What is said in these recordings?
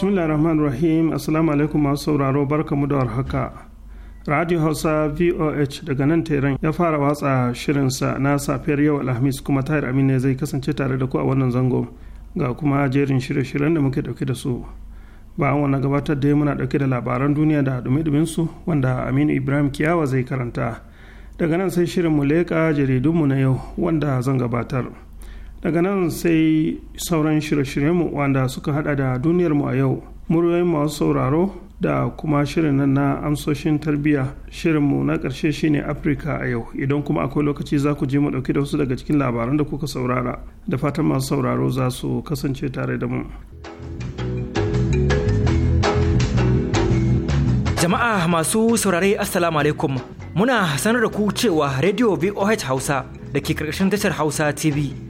bismillah rahman rahim assalamu alaikum masu sauraro barkamu da warhaka radio hausa voh daga nan teran ya fara watsa shirinsa na safiyar yau alhamis kuma tahir amina zai kasance tare da ku a wannan zango ga kuma jerin shirye-shiryen da muke dauke da su bayan wani gabatar da muna dauke da labaran duniya da dumi su wanda aminu ibrahim kiyawa zai karanta daga nan sai shirin mu leƙa jaridunmu na yau wanda zan gabatar. daga nan sai sauran shirye-shiryenmu wanda suka hada da duniyarmu a yau muryoyin masu sauraro da kuma shirin nan na amsoshin tarbiyya shirinmu na ƙarshe shine afirka a yau idan kuma akwai lokaci za ku je mu ɗauki da wasu daga cikin labaran da kuka saurara da fatan masu sauraro za su kasance tare da mu jama'a masu saurare assalamu alaikum muna sanar da ku cewa radio voh hausa da ke karkashin tashar hausa tv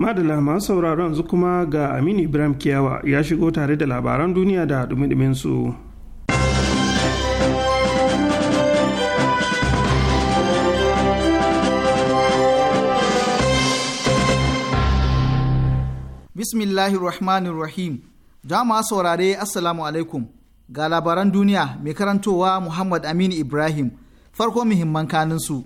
madala masu sauraron yanzu kuma ga aminu ibrahim kiyawa ya shigo tare da labaran duniya da dumi su. bismillahirrahmanirrahim jama'a saurare assalamu alaikum ga labaran duniya mai karantowa muhammad aminu ibrahim farko muhimman kaninsu su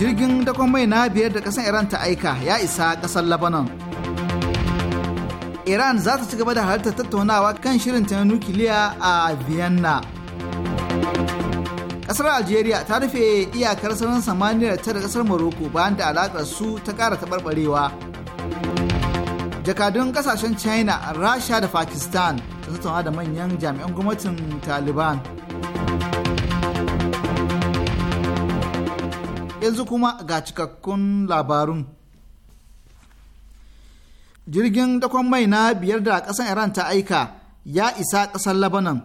jirgin dakon mai na biyar da kasan iran ta aika ya isa kasar lebanon iran za ta ci gaba da halartar tattaunawa kan shirin ta nukiliya a vienna kasar algeria ta rufe iyakar sararin samaniyar ta da kasar morocco bayan da alakar su ta ƙara taɓarɓarewa jakadun kasashen china rasha da pakistan ta tattauna da manyan jami'an gwamnatin taliban yanzu kuma ga cikakkun labarun jirgin dakon mai na biyar da ƙasar iran ta aika ya isa kasar labanan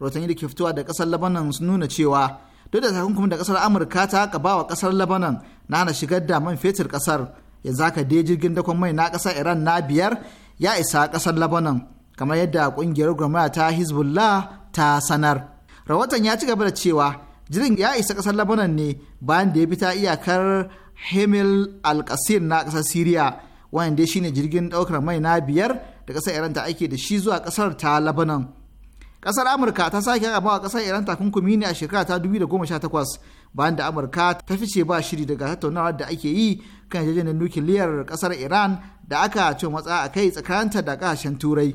rotanyi da ke fitowa da kasar labanan sun nuna cewa duk da takunkumin da kasar amurka ta gaba wa ƙasar labanan na hana shigar da man fetur ƙasar yanzu haka dai jirgin dakon mai na kasar iran na biyar ya isa ƙasar labanan kamar yadda ƙungiyar gwamnati ta hezbollah ta sanar rahoton ya ci gaba da cewa jirgin ya isa kasar labanan ne bayan da ya fita ta iyakar hemil alkasir na kasar siriya wanda shine jirgin daukar mai na biyar da kasar iran ta ake da shi zuwa kasar ta labanan kasar amurka ta sake gaba bawa kasar iran takunkumi ne a shekara ta 2018 bayan da amurka ta fice ba shiri daga tattaunawar da ake yi kan yarjejeniyar nukiliyar kasar iran da aka ce matsa a kai tsakaninta da kasashen turai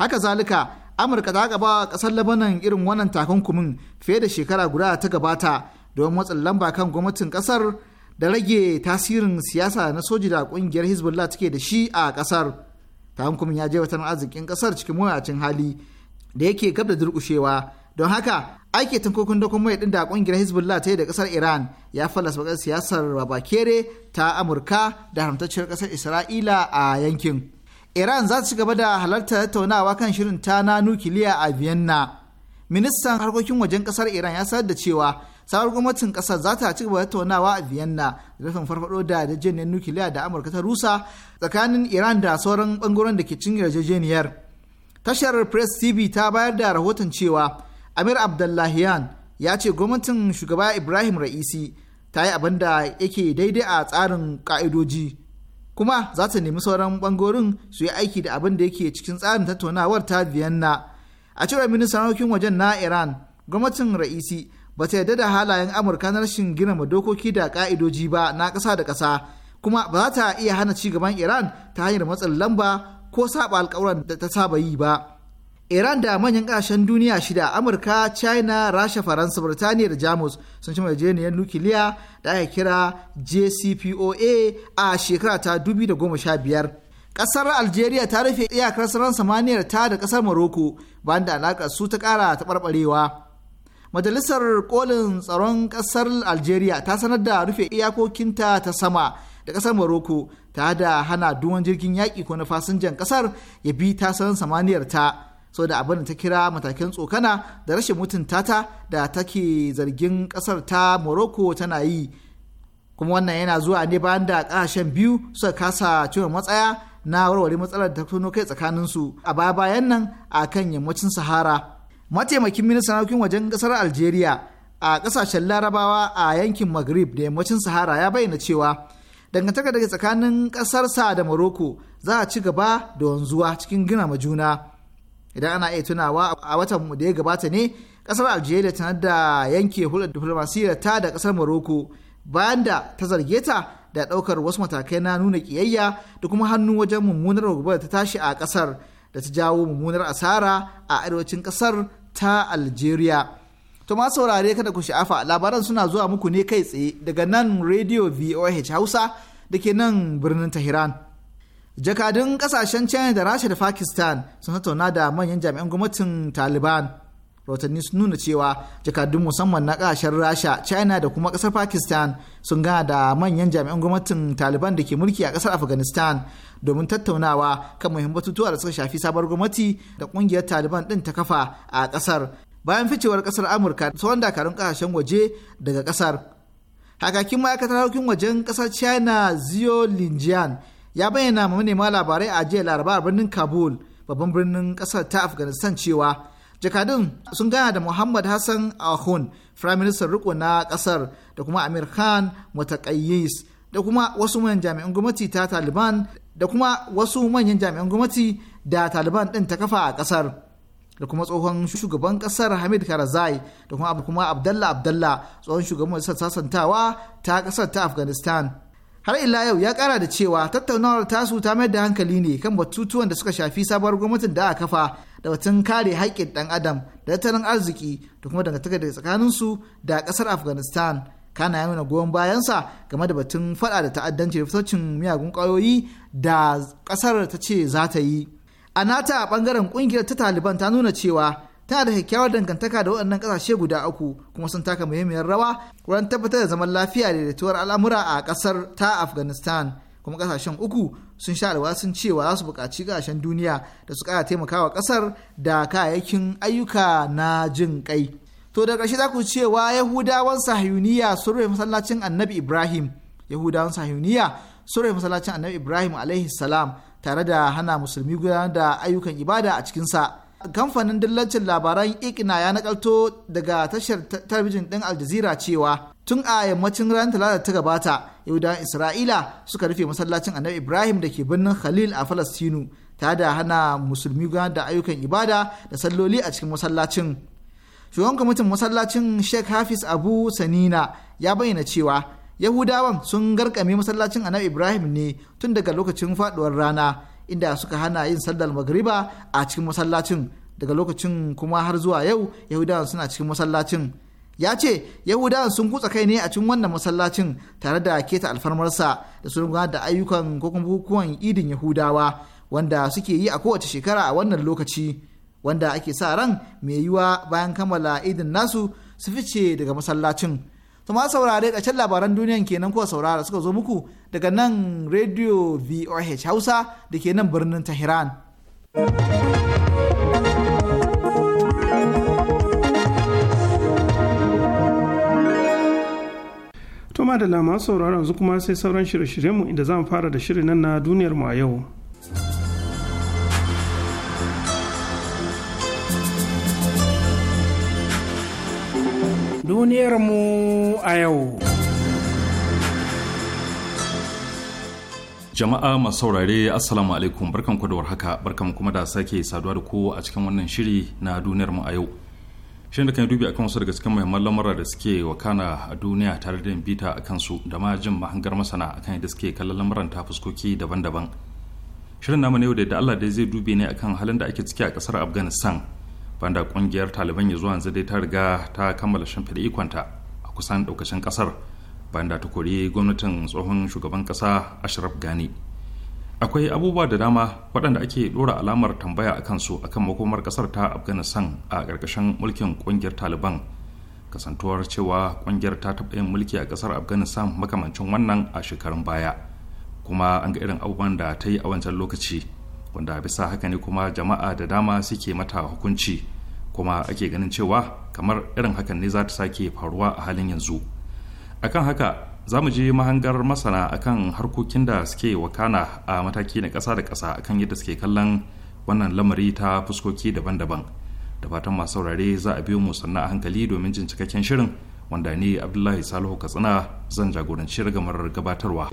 haka zalika amurka ta gaba kasar labanan irin wannan takunkumin fiye da shekara guda ta gabata don matsin lamba kan gwamnatin kasar da rage tasirin siyasa na soji da kungiyar hezbollah take da shi a kasar takunkumin ya je watan arzikin kasar cikin mawuyacin hali da yake gab da durkushewa don haka ake tankokin dokon mai din da kungiyar hezbollah ta yi da kasar iran ya fallasa siyasar babakere ta amurka da haramtacciyar kasar isra'ila a yankin iran za su gaba da halarta tattaunawa kan shirin ta na nukiliya a vienna ministan harkokin wajen kasar iran ya sanar da cewa sabuwar gwamnatin kasar za ta ci gaba da tattaunawa a vienna da rufin farfado da yarjejeniyar nukiliya da amurka ta rusa tsakanin iran da sauran bangaren da ke cin yarjejeniyar tashar press tv ta bayar da rahoton cewa amir abdullahian ya ce gwamnatin shugaba ibrahim ra'isi ta yi abin da yake daidai a tsarin ka'idoji kuma za ta nemi sauran bangorin su yi aiki da abin da yake cikin tsarin tattaunawar ta vienna a cewar ministan harkokin wajen na iran gwamnatin ra'isi ba ta yarda da halayen amurka na rashin girma dokoki da ka'idoji ba na ƙasa da ƙasa kuma ba za ta iya hana ci gaban iran ta hanyar matsin lamba ko saba alkawuran da ta saba yi ba iran da manyan ƙasashen duniya shida amurka china rasha faransa birtaniya da jamus sun ci yarjejeniyar nukiliya da aka kira jcpoa a shekara ta 2015 ƙasar algeria ta rufe iyakar sararin samaniyar ta da ƙasar morocco bayan da alaƙar su ta ƙara taɓarɓarewa majalisar ƙolin tsaron ƙasar algeria ta sanar da rufe iyakokinta ta sama da kasar Morocco ta da hana duwan jirgin yaƙi ko na fasinjan ƙasar ya bi ta samaniyar ta so da abin da ta kira matakin tsokana da rashin mutunta ta da take zargin kasar ta morocco tana yi kuma wannan yana zuwa ne bayan da kasashen biyu suka kasa cewa matsaya na warware matsalar da ta kai su a baya bayan nan a kan yammacin sahara mataimakin ministan harkokin wajen kasar algeria a kasashen larabawa a yankin maghrib da yammacin sahara ya bayyana cewa dangantaka daga tsakanin ƙasarsa da Morocco za a ci gaba da wanzuwa cikin gina majuna idan ana iya tunawa a watan da ya gabata ne kasar algeria ta da yanke hulɗar diflomasiyyar ta da kasar morocco bayan da ta zarge ta da ɗaukar wasu matakai na nuna ƙiyayya da kuma hannu wajen mummunar da ta tashi a ƙasar da ta jawo mummunar asara a arewacin ƙasar ta algeria to ma saurare kada ku sha'afa labaran suna zuwa muku ne kai tsaye daga nan radio voh hausa da ke nan birnin tehran jakadun kasashen china da rasha da pakistan sun tattauna da manyan jami'an gwamnatin taliban rahotanni sun nuna cewa jakadun musamman na kasashen rasha china da kuma kasar pakistan sun gana da manyan jami'an gwamnatin taliban da ke mulki a kasar afghanistan domin tattaunawa kan muhim batutuwa da suka shafi sabar gwamnati da kungiyar taliban din ta kafa a kasar bayan ficewar kasar amurka tsawon dakarun kasashen waje daga kasar hakakin ma'aikatar harkokin wajen kasar china zio linjian ya bayyana ma manema labarai a jiya laraba a birnin kabul babban birnin kasar ta afghanistan cewa jakadun sun gana da muhammad hassan ahun firayim ministan riko na kasar da kuma amir khan mutakayyis da kuma wasu manyan jami'an gwamnati ta taliban da kuma wasu manyan jami'an gwamnati da taliban din ta kafa a kasar da kuma tsohon shugaban kasar hamid karzai da kuma abdullah abdullah tsohon shugaban sasantawa ta kasar ta afghanistan har illa yau ya kara da cewa tattaunawar tasu ta mayar da hankali ne kan batutuwan da suka shafi sabuwar gwamnatin da aka kafa da batun kare haƙƙin ɗan adam da tattalin arziki da kuma dangantaka da su da ƙasar afghanistan kana ya nuna goyon bayansa game da batun faɗa da ta'addanci da fitocin miyagun ƙwayoyi da ƙasar ta ce za ta yi a nata a ɓangaren ƙungiyar ta taliban ta nuna cewa tana da kyakkyawar dangantaka da waɗannan ƙasashe guda uku kuma sun taka muhimmiyar rawa wurin tabbatar da zaman lafiya da daidaituwar al'amura a ƙasar ta afghanistan kuma ƙasashen uku sun sha alwasun cewa za su buƙaci ƙasashen duniya da su ƙara taimakawa ƙasar da kayayyakin ayyuka na jin ƙai. to da ƙarshe za ku cewa yahudawan sahiyuniya sun rufe masallacin annabi ibrahim yahudawan sahiyuniya sun rufe masallacin annabi ibrahim alaihi salam tare da hana musulmi gudanar da ayyukan ibada a cikinsa. sa kamfanin dillancin labaran ikina ya nakalto daga tashar talabijin ɗin aljazira cewa tun a yammacin ranar talata ta gabata yahudawan isra'ila suka rufe masallacin annabi ibrahim da ke birnin khalil a falastinu tare da hana musulmi gudanar da ayyukan ibada da salloli a cikin masallacin shugaban kwamitin masallacin sheikh hafiz abu sanina ya bayyana cewa yahudawan sun garkame masallacin annabi ibrahim ne tun daga lokacin faduwar rana inda suka hana yin sallar magriba a cikin masallacin daga lokacin kuma har zuwa yau yahudawan suna cikin masallacin ya ce yahudawan sun kutsa kai ne a cikin wannan masallacin tare da keta alfarmarsa da sun gudanar da ayyukan ko kuma bukukuwan idin yahudawa wanda suke yi a kowace shekara a wannan lokaci wanda ake sa ran mai yiwa bayan kammala idin nasu su fice daga masallacin to ma saurare can labaran duniyan kenan ko saurara suka zo muku daga nan radio voh hausa da ke nan birnin tehran Toma da lama sauraron yanzu kuma sai sauran shirye-shiryenmu inda zan fara da shirin nan na duniyarmu a yau. mu a yau. Jama'a masu saurare Assalamu alaikum barkanku da warhaka barkan kuma da sake saduwa da ku a cikin wannan shiri na duniyarmu a yau. Shin da kan dubi akan wasu daga cikin muhimman lamura da suke wakana a duniya tare da bita a kansu da ma jin mahangar masana akan yadda suke kallon lamuran ta fuskoki daban-daban. Shirin namu na yau da Allah dai zai dube ne akan halin da ake ciki a kasar Afghanistan banda kungiyar taliban ya zuwa yanzu dai ta riga ta kammala shimfiɗa ikonta a kusan ɗaukacin ƙasar banda ta kori gwamnatin tsohon shugaban ƙasa ashraf gani akwai abubuwa da dama waɗanda ake ɗora alamar tambaya a kansu a kan makomar ƙasar ta afghanistan a ƙarƙashin mulkin ƙungiyar taliban kasantuwar cewa ƙungiyar ta taɓa yin mulki a ƙasar afghanistan makamancin wannan a shekarun baya kuma an ga irin abubuwan da ta yi a wancan lokaci wanda bisa haka ne kuma jama'a da dama suke mata hukunci kuma ake ganin cewa kamar irin hakan ne za ta sake faruwa a halin yanzu akan haka za mu je mahangar masana akan harkokin da suke wakana a mataki na ƙasa da ƙasa akan yadda suke kallon wannan lamari ta fuskoki daban-daban da fatan masu saurare za a biyo mu sannan a hankali domin jin cikakken shirin wanda ni abdullahi salihu katsina zan jagoranci ragamar gabatarwa.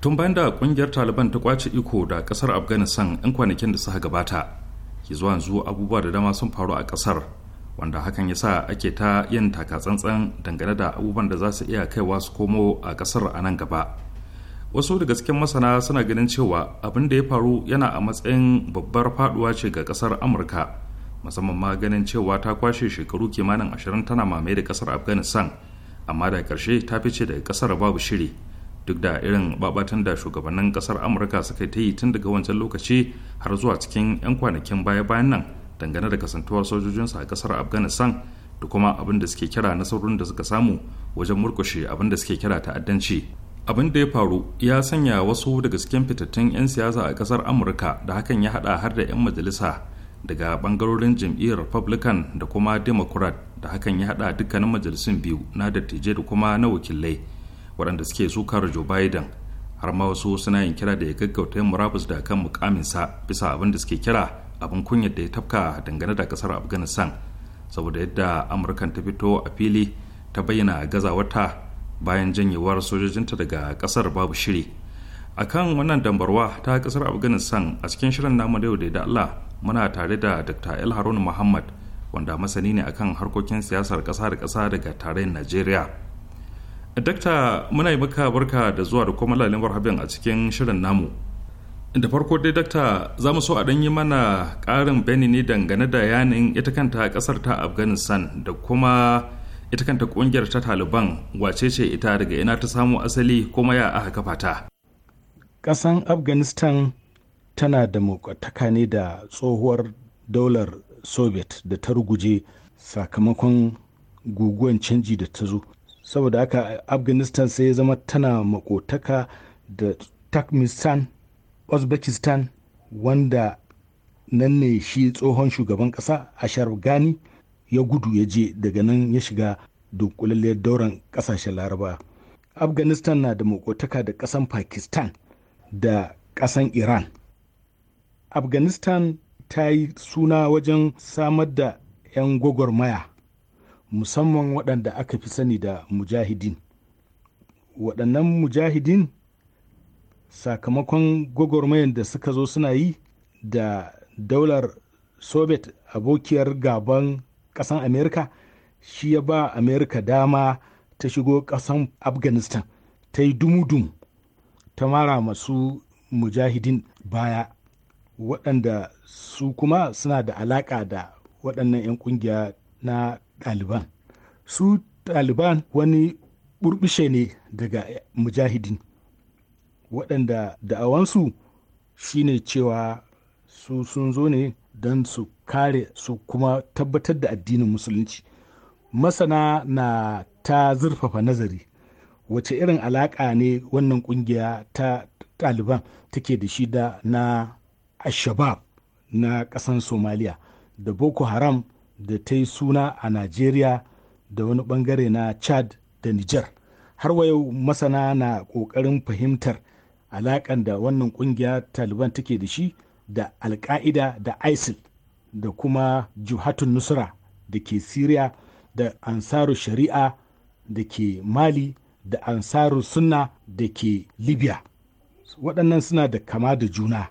tun bayan da kungiyar taliban ta kwace iko da kasar afghanistan 'yan kwanakin da suka gabata ke zuwa yanzu abubuwa da dama sun faru a kasar wanda hakan ya sa ake ta yin takatsantsan dangane da abubuwan da za su iya kaiwa su komo a kasar a nan gaba wasu daga cikin masana suna ganin cewa abin da ya faru yana a matsayin babbar faduwa ce ga kasar amurka musamman ma ganin cewa ta kwashe shekaru kimanin ashirin tana mamaye da kasar afghanistan amma da karshe ta fice daga kasar babu shiri duk da irin babatan da shugabannin kasar amurka suka ta yi tun daga wancan lokaci har zuwa cikin 'yan kwanakin baya-bayan nan dangane da kasantuwar sojojinsu a kasar afghanistan da kuma abin da suke kira saurin da suka samu wajen murkushe abin da suke kira ta'addanci abin da ya faru ya sanya wasu daga cikin fitattun 'yan siyasa a kasar amurka da hakan ya hada har da 'yan majalisa daga bangarorin jam'iyyar republican da kuma democrat da hakan ya hada dukkanin majalisun biyu na dattijai da kuma na wakilai waɗanda suke sukar joe biden har ma wasu suna yin kira da ya gaggauta yin murabus da kan mukaminsa bisa abin da suke kira abin kunyar da ya tafka dangane da kasar afghanistan saboda yadda amurkan ta fito a fili ta bayyana gazawarta bayan janyewar sojojinta daga kasar babu shiri akan wannan dambarwa ta kasar afghanistan a cikin shirin namu da yau da allah muna tare da dr el harun muhammad wanda masani ne akan harkokin siyasar kasa da kasa daga tarayyar najeriya dakta muna yi maka barka da zuwa da kuma lalin habin a cikin shirin namu da farko dai dakta za mu so a yi mana ƙarin bani ne dangane da yanin ita kanta ƙasar ta afghanistan da kuma ita kanta ƙungiyar ta taliban wace ce ita daga ina ta samo asali kuma ya aka kafa ta ƙasan afghanistan tana da mukwataka ne da tsohuwar daular soviet da ta ruguje sakamakon guguwan canji da ta zo saboda haka afghanistan sai ya zama tana makotaka da turkmenistan uzbekistan wanda nan ne shi tsohon shugaban kasa ashraf gani ya gudu ya je daga nan ya shiga dunkulalliyar dauran kasashen laraba afghanistan na da makotaka da kasan pakistan da kasan iran afghanistan ta yi suna wajen samar da 'yan gwagwarmaya musamman waɗanda aka fi sani da mujahidin waɗannan mujahidin sakamakon gwagwarmayar da suka zo suna yi da daular soviet abokiyar gaban ƙasan amerika shi ya ba amerika dama ta shigo ƙasan afghanistan ta yi dumudum ta mara masu mujahidin baya waɗanda su kuma suna da alaƙa da waɗannan 'yan ƙungiya na ɗaliban su ɗaliban wani burbushe ne daga mujahidin waɗanda da'awansu shine cewa su sun zo ne don su kare su kuma tabbatar da addinin musulunci masana na ta zurfafa nazari wace irin alaƙa ne wannan ƙungiya ta ɗaliban take da shida na ashabab na ƙasan somaliya da boko haram da ta yi suna a Najeriya da wani bangare na Chad da Niger. Har wa yau masana na ƙoƙarin fahimtar alaƙan da wannan ƙungiya Taliban take da shi da Alƙa'ida da ISIL da kuma Juhatun Nusra da ke Siriya da Ansaru Shari'a da ke Mali da Ansaru Sunna da ke Libya. Waɗannan suna da kama da juna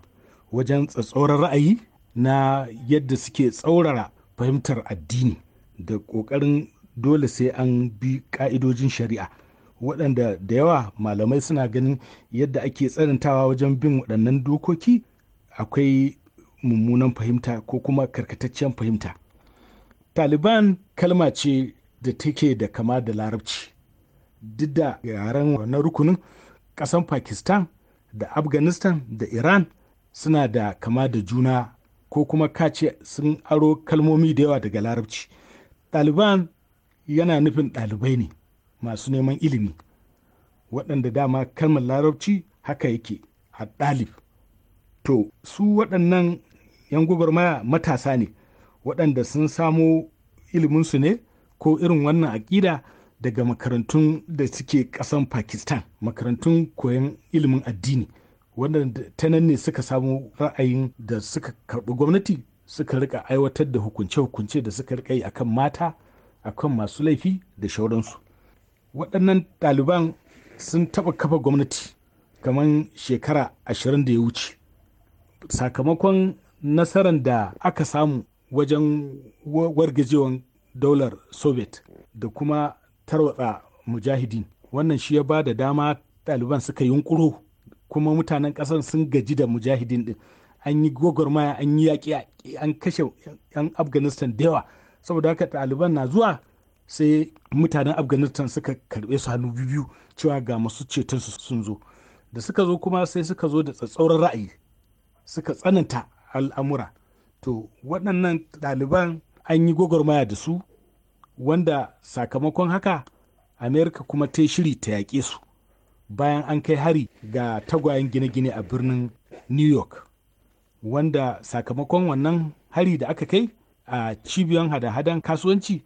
wajen tsatsauran ra'ayi na yadda suke tsaurara fahimtar addini da ƙoƙarin dole sai an bi ƙa'idojin shari'a waɗanda da yawa malamai suna ganin yadda ake tsanantawa wajen bin waɗannan dokoki akwai mummunan fahimta ko kuma karkataccen fahimta taliban kalma ce da take da kama da larabci duk da yaren wannan rukunin ƙasan pakistan da afghanistan da iran suna da kama da juna ko kuma kace sun aro kalmomi da yawa daga larabci ɗaliban yana nufin ɗalibai ne masu neman ilimi waɗanda dama kalmar larabci haka yake a ɗalib to su waɗannan yan gwagwarmaya matasa ne waɗanda sun samo iliminsu ne ko irin wannan aƙida daga makarantun da suke ƙasan pakistan makarantun koyon ilimin addini wanda ta nan ne suka samu ra'ayin da suka karɓi gwamnati suka rika aiwatar da hukunce-hukunce da suka rika yi akan mata akan masu laifi da shauransu waɗannan ɗaliban sun taɓa kafa gwamnati kamar shekara ashirin da ya wuce sakamakon nasarar da aka samu wajen wargajewan daular soviet da kuma tarwatsa mujahidin wannan shi ya ba da dama ɗaliban suka yunkuro kuma mutanen ƙasar sun gaji da mujahidin din an yi gwagwarmaya an yi yaƙi an kashe yan afghanistan da yawa saboda haka ɗaliban na zuwa sai mutanen afghanistan suka karbe su hannu biyu cewa ga masu ceton su sun zo da suka zo kuma sai suka zo da tsatsauran ra'ayi suka tsananta al'amura to waɗannan ɗaliban an yi gwagwarmaya da su wanda sakamakon haka amerika kuma ta shiri ta yaƙe su bayan an kai hari ga tagwayen gine-gine a birnin new york wanda sakamakon wannan hari da aka kai a cibiyar hada-hadan kasuwanci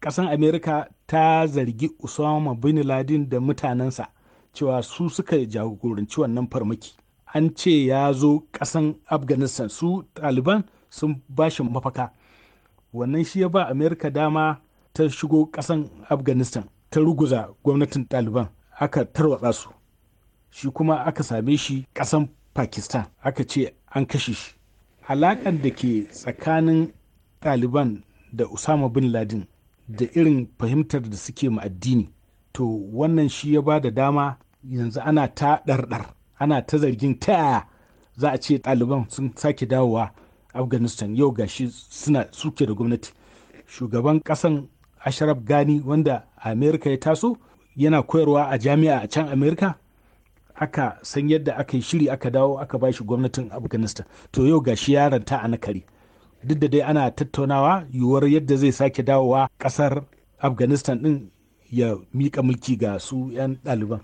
kasan america ta zargi usama bin ladin da mutanensa cewa su suka jagoranci wannan farmaki an ce ya zo kasan afghanistan su taliban sun bashi mafaka wannan shi ya ba america dama ta shigo kasan afghanistan ta ruguza gwamnatin taliban aka tarwatsa su shi kuma aka same shi ƙasan pakistan aka ce an kashe shi alaƙar da ke tsakanin ɗaliban da usama bin ladin da irin fahimtar da suke ma addini to wannan shi ya ba da dama yanzu ana ta ɗarɗar ana ta zargin ta yaya za a ce ɗaliban sun sake dawowa afghanistan yau gashi suna suke da gwamnati shugaban ƙasan ashraf gani wanda amerika ya taso yana koyarwa a jami'a a can amerika aka san yadda aka yi shiri aka dawo aka ba shi gwamnatin afghanistan to yau gashi yaranta a na kari duk da dai ana tattaunawa yiwuwar yadda zai sake dawowa kasar afghanistan din ya mika mulki ga su 'yan ɗaliban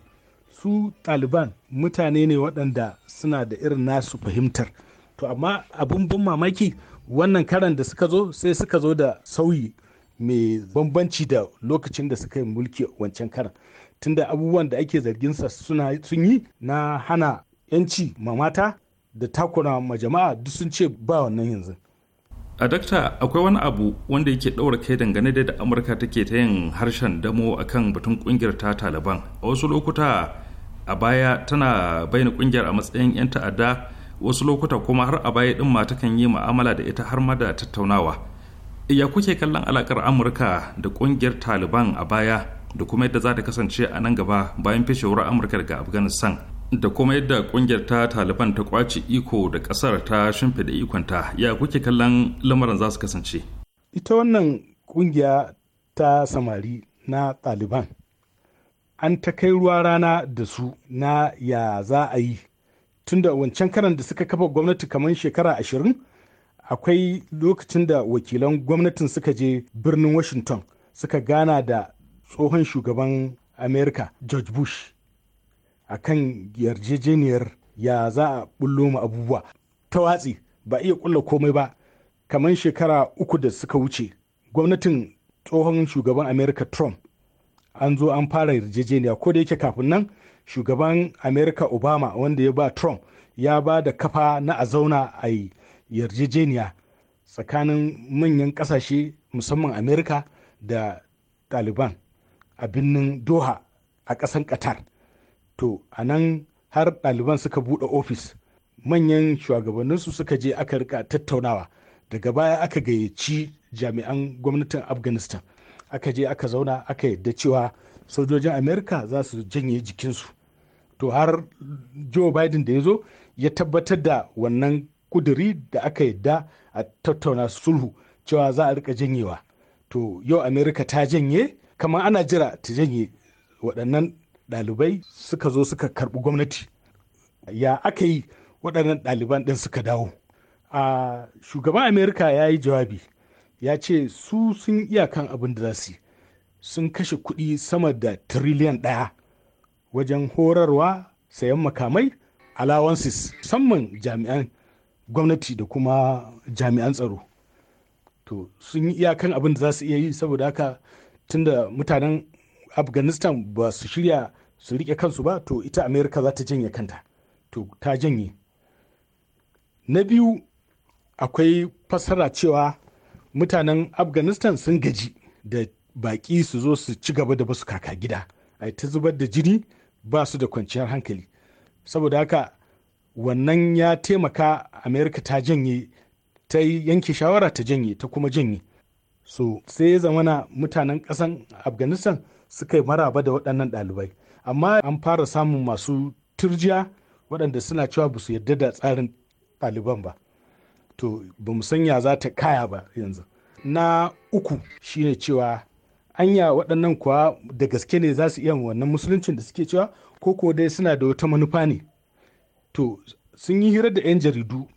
su ɗaliban mutane ne waɗanda suna da irin nasu fahimtar to amma abin ban mamaki wannan karan da suka zo sai suka zo da sauyi mai bambanci da lokacin da suka yi mulki wancan karan tunda abubuwan da ake zarginsa suna sun yi na hana 'yanci ma mata da takura ma jama'a duk sun ce ba wannan yanzu a dakta akwai wani abu wanda yake daura kai dangane da amurka take ta yin harshen damo akan batun kungiyar ta taliban a wasu lokuta a baya tana bayyana kungiyar a matsayin 'yan ta'adda wasu lokuta kuma har a baya din ma takan yi mu'amala da ita har ma da tattaunawa ya kuke kallon alakar amurka da kungiyar taliban a baya da kuma yadda za ta kasance a nan gaba bayan fashewar amurka daga afghanistan da kuma yadda kungiyar ta taliban ta kwace iko da kasar ta shimfida ikonta ya kuke kallon lamarin za su kasance ita wannan kungiya ta samari na taliban an ta kai ruwa rana da su na ya za a yi tunda wancan karan da suka kafa gwamnati kamar shekara ashirin akwai lokacin da wakilan gwamnatin suka je birnin washington suka gana da tsohon shugaban america george bush a kan yarjejeniyar ya za a bullo mu abubuwa ta watsi ba iya kulla komai ba kamar shekara uku da suka wuce gwamnatin tsohon shugaban america trump an zo an fara yarjejeniya ko da yake kafin nan shugaban america obama wanda ya ba trump ya ba da kafa na a zauna a yi yarjejeniya tsakanin manyan kasashe musamman amerika da taliban a birnin doha a ƙasan qatar to a nan har ɗaliban suka buɗe ofis manyan shugabanninsu suka je aka rika tattaunawa daga baya aka gayyaci jami'an gwamnatin afghanistan aka je aka zauna aka yadda cewa sojojin amerika za su janye jikinsu to har joe biden da ya zo ya tabbatar da wannan kuduri da aka yadda a tattauna sulhu cewa za a rika janyewa to yau amerika ta janye kamar ana jira ta janye waɗannan ɗalibai suka zo suka karɓi gwamnati ya aka yi waɗannan ɗaliban ɗin suka dawo a shugaban amerika ya yi jawabi ya ce su sun iyakan abin da za su sun kashe kuɗi sama da tiriliyan ɗaya wajen horarwa sayan makamai allowances musamman jami'an gwamnati da kuma jami'an tsaro to sun yi iyakan abin da za su iya yi saboda haka tunda mutanen afghanistan ba su shirya su rike kansu ba to ita amerika za ta janye kanta to ta janye na biyu akwai fassara cewa mutanen afghanistan sun gaji da baƙi su zo su ci gaba da basu kaka gida a ta zubar da jini ba su da kwanciyar hankali saboda haka wannan ya taimaka amerika ta janye ta yanke shawara ta janye ta kuma janye so sai ya zamana mutanen kasan afghanistan suka yi maraba da waɗannan ɗalibai amma an fara samun masu turjiya waɗanda suna cewa ba su yarda da tsarin ɗaliban ba to ba mu sanya za ta kaya ba yanzu na uku shine cewa anya waɗannan kuwa da gaske ne za su iya wannan musuluncin da suke cewa ko ko dai suna da wata manufa ne to sun yi hira da 'yan jaridu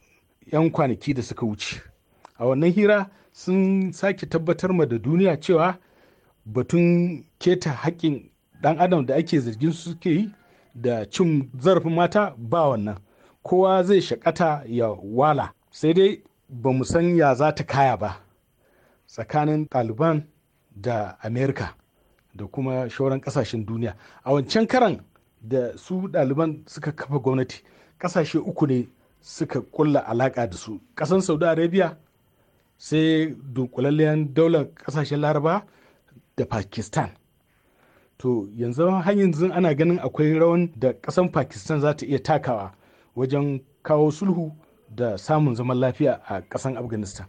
'yan kwanaki da suka wuce a wannan hira sun sake tabbatar ma da duniya cewa batun keta haƙƙin ɗan adam da ake zargin suke yi da cin zarafin mata ba wannan kowa zai shakata ya wala sai dai ba mu san ya za ta kaya ba tsakanin ɗaliban da amerika da kuma shauran ƙasashen duniya a wancan karan da su ɗaliban suka kafa gwamnati kasashe uku ne suka kulla alaka da su kasan saudi arabia sai dunkulalliyar daular kasashen laraba da pakistan to yanzu hanyar ana ganin akwai rawan da kasan pakistan za ta iya takawa wajen kawo sulhu da samun zaman lafiya a kasan afghanistan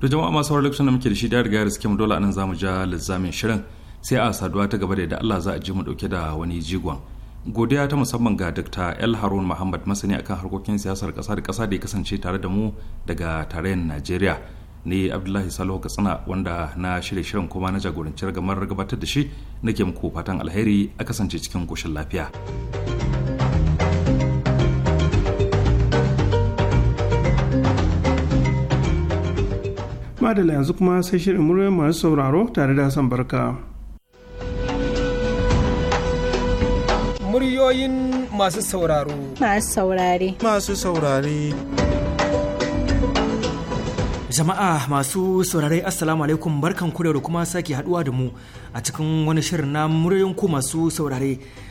da jama'a masu wani lokacin da muke da shi da riga suke mu dole anan zamu ja lizamin shirin sai a saduwa ta gaba da da Allah za a ji mu dauke da wani jigon godiya ta musamman ga Dr. El Harun Muhammad masani akan harkokin siyasar kasa da kasa da ya kasance tare da mu daga tarayyar Najeriya ne Abdullahi Salihu Katsina wanda na shirya shirin kuma na jagoranci gamar gabatar da shi nake muku fatan alheri a kasance cikin koshin lafiya. madala yanzu kuma sai shirin murya masu sauraro tare da hassan barka muryoyin masu sauraro masu saurare masu saurare Jama'a masu saurare Assalamu alaikum barkan kurewa da kuma sake haduwa da mu a cikin wani shirin na muryoyin ku masu saurare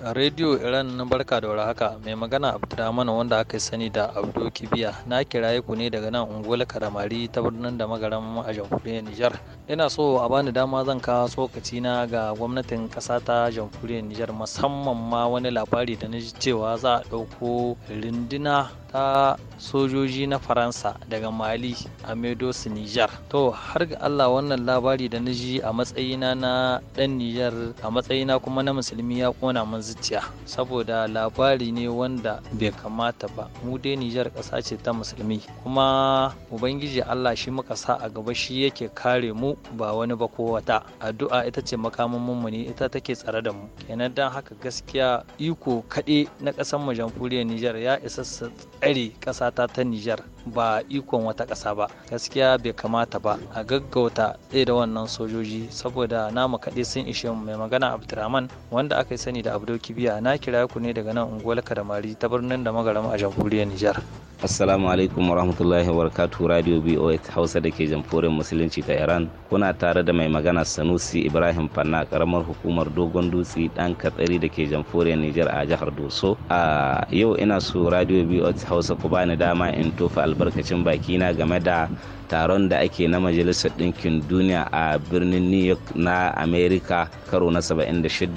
Radio Iran na barka da warhaka mai magana Abdurrahman wanda aka sani da Abdul Kibiya na kiraye ku ne daga nan unguwar Karamari ta birnin da magaran a jamhuriyar Nijar. Ina so a bani dama zan kawo tsokaci na ga gwamnatin ƙasa ta jamhuriyar Nijar musamman ma wani labari da na ji cewa za a ɗauko rinduna ta sojoji na faransa daga mali a medosu nijar to har ga allah wannan labari da na ji a matsayina na dan Niger a matsayina kuma na musulmi ya kona mun zuciya saboda labari ne wanda bai kamata ba mu dai Niger ƙasa ce ta musulmi kuma ubangiji allah shi muka sa a gaba shi yake kare mu ba wani ba ko wata addu'a ita ce makamin mu ne ita take tsare da mu kenan dan haka gaskiya iko kaɗe na ƙasar mu jamhuriyar nijar ya isa tsare ƙasata ta Nijar ba ikon wata ƙasa ba gaskiya bai kamata ba a gaggauta ɗaya da wannan sojoji saboda namu kaɗai sun ishe mu mai magana Abdurrahman wanda aka sani da Abdul Kibiya na kira ku ne daga nan unguwar Kadamari ta birnin da magaram a jamhuriyar Nijar. Assalamu alaikum warahmatullahi wabarakatuh Radio BOA Hausa da ke jamhuriyar Musulunci ta Iran. Kuna tare da mai magana Sanusi Ibrahim Fanna karamar hukumar Dogon Dutse dan Katsari da ke jamhuriyar niger a jihar Doso. A yau ina so Radio BOA Hausa ku bani dama in tofa albarkacin bakina game da taron da ake na majalisar ɗinkin duniya a birnin new york na america karo na 76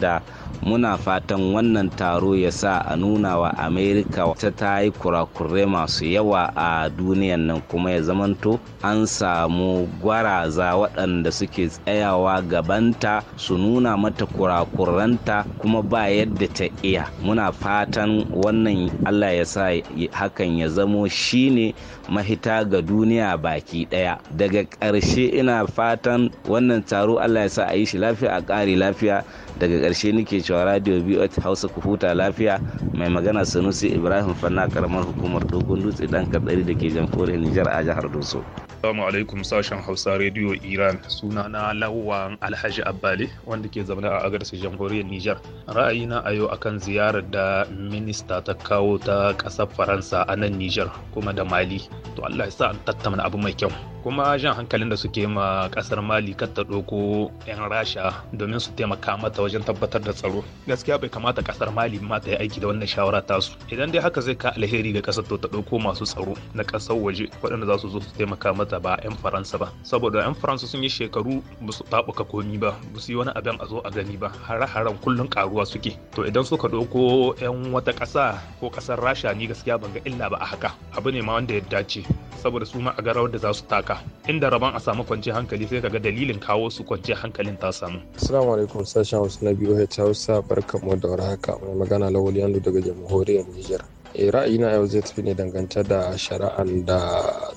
muna fatan wannan taro ya sa a nuna wa america ta ta yi kurakurai masu yawa a duniyan nan kuma ya zamanto an samu gwaraza waɗanda suke tsayawa gabanta su nuna mata kurakuranta kuma ba yadda ta iya muna fatan wannan allah ya sa hakan ya zamo shine mahita ga duniya baki ɗaya daga ƙarshe ina fatan wannan taro allah ya sa a yi shi lafiya a ƙari lafiya daga ƙarshe nake cewa radio biyu hausa ku huta lafiya mai magana sanusi ibrahim fanna karamar hukumar dogon dutse dan katsari da ke jamhuriyar nijar a jihar doso Assalamu alaikum sashen Hausa Radio Iran suna na Lawan Alhaji Abbali wanda ke zaune a agarsa jamhuriyar Nijar. Ra'ayina a yau akan ziyarar da minista ta kawo ta ƙasar Faransa a nan Nijar kuma da Mali. To Allah ya sa an tattauna abu mai kyau. Kuma jan hankalin da suke ma kasar Mali kar ta ɗauko 'yan Rasha domin su taimaka mata wajen tabbatar da tsaro gaskiya bai kamata kasar mali ma ta yi aiki da wannan shawara tasu idan dai haka zai ka alheri ga kasar to ta dauko masu tsaro na kasar waje waɗanda za su zo su taimaka mata ba 'yan faransa ba saboda 'yan faransa sun yi shekaru ba su tabuka komi ba ba su yi wani abin a zo a gani ba hare-haren kullum karuwa suke to idan suka dauko 'yan wata ƙasa ko ƙasar rasha ni gaskiya ban ga illa ba a haka abu ne ma wanda ya dace saboda su ma a garawar da za su taka inda rabon a samu kwanciyar hankali sai kaga dalilin kawo su kwanciya hankalin ta samu assalamu alaikum sashen hausa na biyu hausa mu da warhaka mai magana lawal yanzu daga jamhuriyar niger Eh, ra'ayina yau zai tafi ne dangance da shari'an da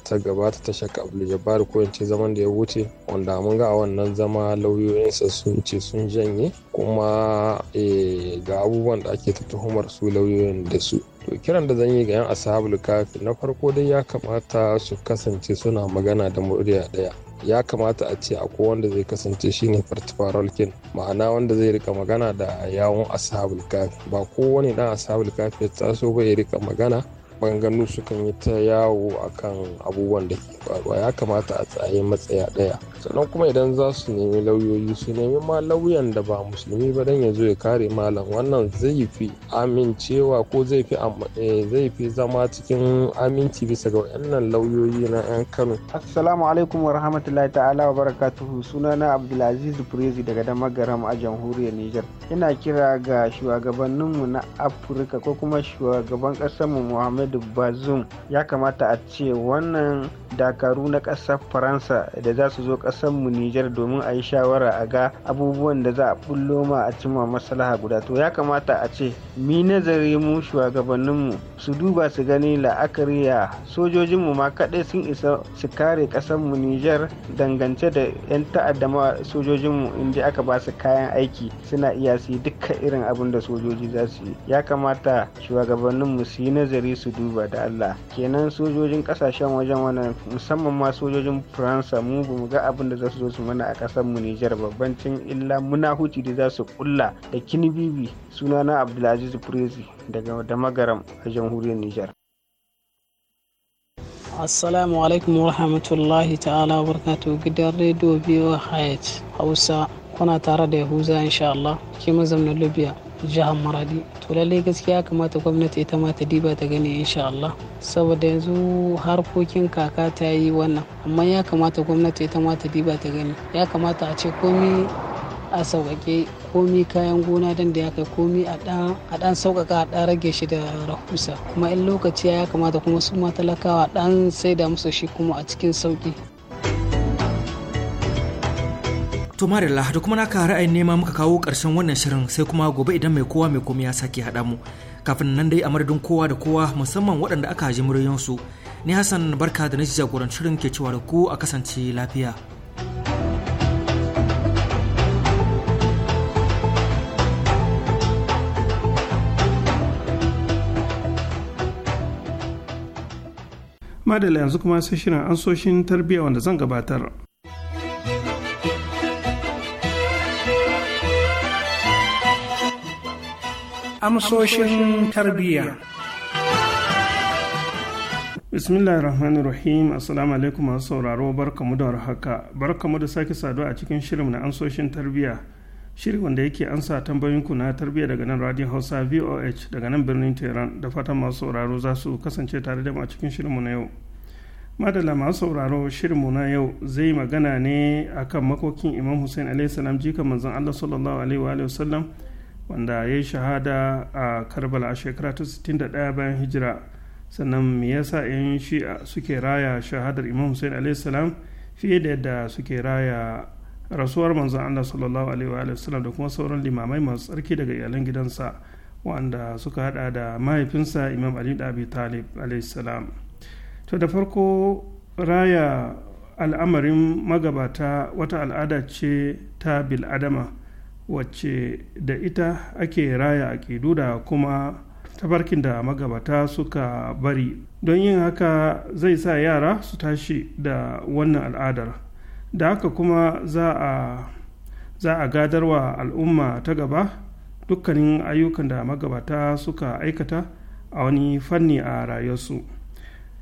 ta gabata ta shaka abdul jabbar ko in ce zaman da ya wuce wanda mun ga a wannan zama lauyoyinsa sun ce sun janye kuma eh, ga abubuwan da ake ta tuhumar su lauyoyin da su to kiran da zan yi ga 'yan ashabul kafi na farko dai ya kamata su kasance suna magana da murya daya ya kamata a ce akwai wanda zai kasance shine fartifarol kin ma'ana wanda zai rika magana da yawon ashabul kafi ba kowane dan ashabul kafi ya taso ba ya rika magana banganu sukan yi ta yawo akan abubuwan da ke faruwa ya kamata a tsaye matsaya ɗaya sannan kuma idan za su nemi lauyoyi su nemi ma lauyan da ba musulmi ba dan ya zo ya kare malam wannan zai fi amincewa ko zai fi eh, zai fi zama cikin aminci bisa ga wannan lauyoyi na yan Kano assalamu alaikum wa rahmatullahi ta'ala wa barakatuhu sunana Abdulaziz Prezi daga Damagaram a jamhuriyar Niger ina kira ga shugabanninmu na Afirka ko kuma shugaban ƙasarmu Muhammad muhammadu bazoum ya kamata a ce wannan dakaru na ƙasar faransa da za su zo ƙasar mu nijar domin a yi shawara a ga abubuwan da za a bullo ma a cimma maslaha guda to ya kamata a ce mi nazari mu shugabanninmu su duba su gani la'akari ya sojojinmu ma kaɗai sun isa su kare kasar mu nijar dangance da 'yan ta'adda ma sojojinmu inda aka ba su kayan aiki suna iya su yi dukkan irin abin da sojoji za su yi ya kamata shugabanninmu su yi nazari su duba da Allah kenan sojojin kasashen wajen wannan musamman ma sojojin Faransa mu ba mu ga abin da za su zo su mana a kasar mu Nijar babban cin illa muna huti da za su kulla da kinibibi suna na Abdulaziz Prezi daga magaram a jamhuriyar Nijar. assalamu alaikum wa rahmatullahi ta'ala wa gidan rediyo biyu hayat hausa kuna tare da yahuza insha Allah ke mazamnin libya jihar maradi to lallai gaskiya kamata gwamnati ita ma ta diba ta gani insha Allah saboda yanzu harkokin kaka ta yi wannan amma ya kamata gwamnati ita ma ta diba ta gani ya kamata a ce komi a sauƙaƙe komi kayan gona don da ya kai komi a ɗan sauƙaƙa a ɗan rage shi da rahusa kuma in lokaci ya kamata kuma su ma talakawa ɗan sai da musu shi kuma a cikin sauƙi To Marilla da kuma naka ra'ayin nema muka kawo ƙarshen wannan shirin sai kuma gobe idan mai kowa mai komai ya sake haɗa mu. Kafin nan dai a madadin kowa da kowa musamman waɗanda aka ji muryoyinsu. Ni Hassan barka da na jagoran shirin ke cewa da ku a kasance lafiya. Madalla yanzu kuma sai shirin ansoshin tarbiyya wanda zan gabatar. amsoshin tarbiyya. bismillahir rahmanir rahim assalamu alaikum masu sauraro barkamu da warhaka barkamu da sake saduwa a cikin shirin na amsoshin tarbiyya Shirin wanda yake ansa tambayoyinku na tarbiyya daga nan radio hausa voh daga nan birnin tehran da fatan masu sauraro za su kasance tare da mu a cikin shirinmu na yau madala masu sauraro shirinmu na yau zai magana ne akan makokin imam hussein alaihi salam jikan manzon allah sallallahu alaihi wa sallam wanda ya yi shahada a karbala a shekara ta 61 bayan hijira sannan me yasa 'yan shi'a suke raya shahadar imam hussein a.s. fiye da yadda suke raya rasuwar manzon allah sallallahu alaihi wa da kuma sauran limamai masu tsarki daga iyalan gidansa wanda suka hada da mahaifinsa imam ali da abi talib a.s. to da farko raya al'amarin magabata wata al'ada ce ta bil'adama wacce da ita ake raya aƙidu da kuma tafarkin da magabata suka bari don yin haka zai sa yara su tashi da wannan al'adar da haka kuma za a za a gadarwa al'umma ta gaba dukkanin ayyukan da magabata suka aikata a wani fanni a rayuwarsu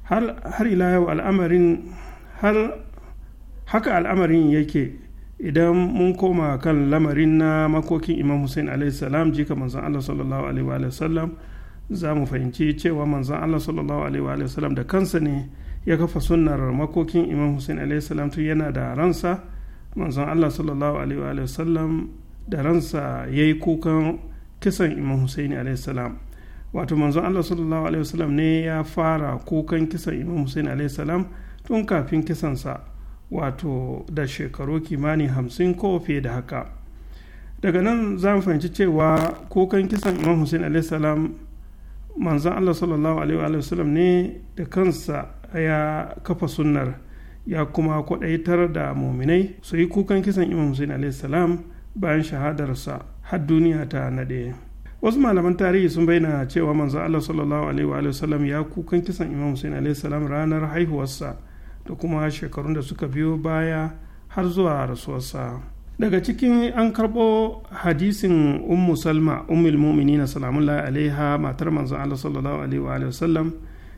har ila yau al'amarin har haka al'amarin yake idan mun koma kan lamarin na makokin imam hussein alaihissalam jika manzan allah sallallahu alaihi wa sallam za mu fahimci cewa manzan allah sallallahu alaihi wa sallam da kansa ne ya kafa sunnar makokin imam hussein salam tun yana da ransa manzan allah sallallahu alaihi wa sallam da ransa ya yi kukan kisan imam hussein salam wato manzon allah sallallahu alaihi wa sallam ne ya fara kukan kisan imam hussein salam tun kafin kisansa wato da shekaru kimanin hamsin ko fiye da haka daga nan za mu fahimci cewa kukan kisan imam hussein a.s. manzan allah sallallahu alaihi wasallam ne da kansa ya kafa sunnar ya kuma kwaɗaitar da muminai su yi kukan kisan imam hussein a.s. bayan shahadarsa har duniya ta naɗe. wasu malaman tarihi sun bayyana cewa manzan allah sallallahu alaihi wasallam ya kukan kisan imam hussein a.s. ranar haihuwarsa da kuma shekarun da suka biyo baya har zuwa rasuwarsa daga cikin an karɓo hadisin ummu salma ummul mu'minin salamullahi alaiha matar manzon Allah sallallahu alaihi wa sallam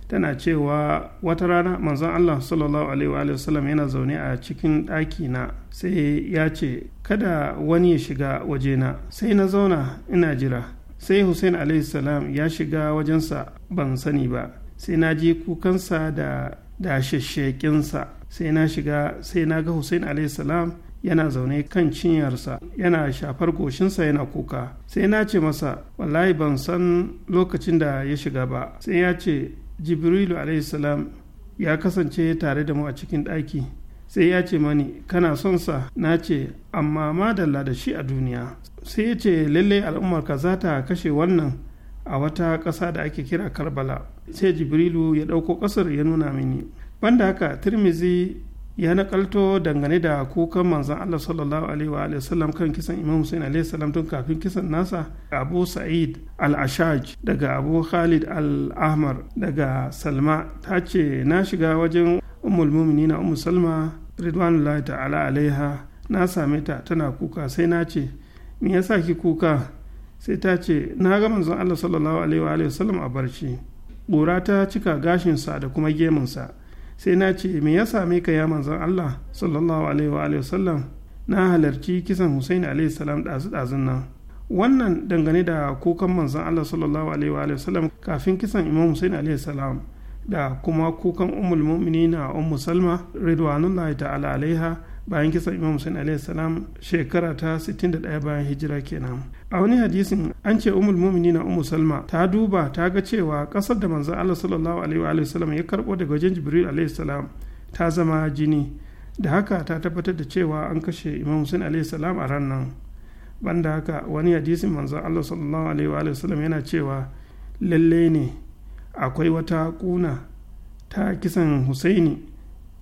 tana cewa wata rana manzon Allah sallallahu alaihi wa sallam yana zaune a cikin ɗaki na sai ya ce kada wani ya shiga wajena sai na zauna ina jira sai Hussein alaihi salam ya shiga wajensa ban sani ba sai na ji kukansa da da shashshakinsa sai na shiga sai na ga hussein alaihissalam yana zaune kan cinyarsa yana shafar goshinsa yana kuka sai na ce masa wallahi ban san lokacin da ya shiga ba sai ya ce jibrilu alaihissalam ya kasance tare da mu a cikin ɗaki sai ya ce mani kana son sa na ce amma madalla da shi a duniya sai ya ce lallai al'ummarka za ta kashe wannan a wata ƙasa da ake kira karbala sai jibrilu ya ɗauko ƙasar ya nuna mini banda haka tirmizi ya nakalto dangane da kukan manzan Allah sallallahu alaihi wa kan kisan Imam Hussein alaihi salam tun kafin kisan nasa Abu Sa'id al-Ashaj daga Abu Khalid al-Ahmar daga Salma ta ce na shiga wajen Ummul Muminina Ummu Salma ridwanullahi ta'ala alaiha na same ta tana kuka sai na ce me yasa ki kuka sai ta ce na ga manzon Allah sallallahu alaihi wa wasallam a barci ƙura ta cika gashinsa da kuma gemunsa sai na ce me ya same ka ya manzon Allah sallallahu alaihi wa wasallam na halarci kisan Hussein alaihi salam ɗazu ɗazun nan wannan dangane da kukan manzon Allah sallallahu alaihi wa wasallam kafin kisan Imam Hussein alaihi salam da kuma kukan ummul mu'minina ummu Salma ridwanullahi ta'ala alaiha bayan kisan imam hussein alayhi salam shekara ta 61 bayan hijira kenan a wani hadisin an ce umul muminina umu salma ta duba ta ga cewa kasar da manzo allah sallallahu alaihi wa sallam ya karbo daga wajen jibril alaihi salam ta zama jini da haka ta tabbatar da cewa an kashe imam hussein alaihi salam a ran nan banda haka wani hadisin manzo allah sallallahu alaihi wa sallam yana cewa lalle ne akwai wata kuna ta kisan husaini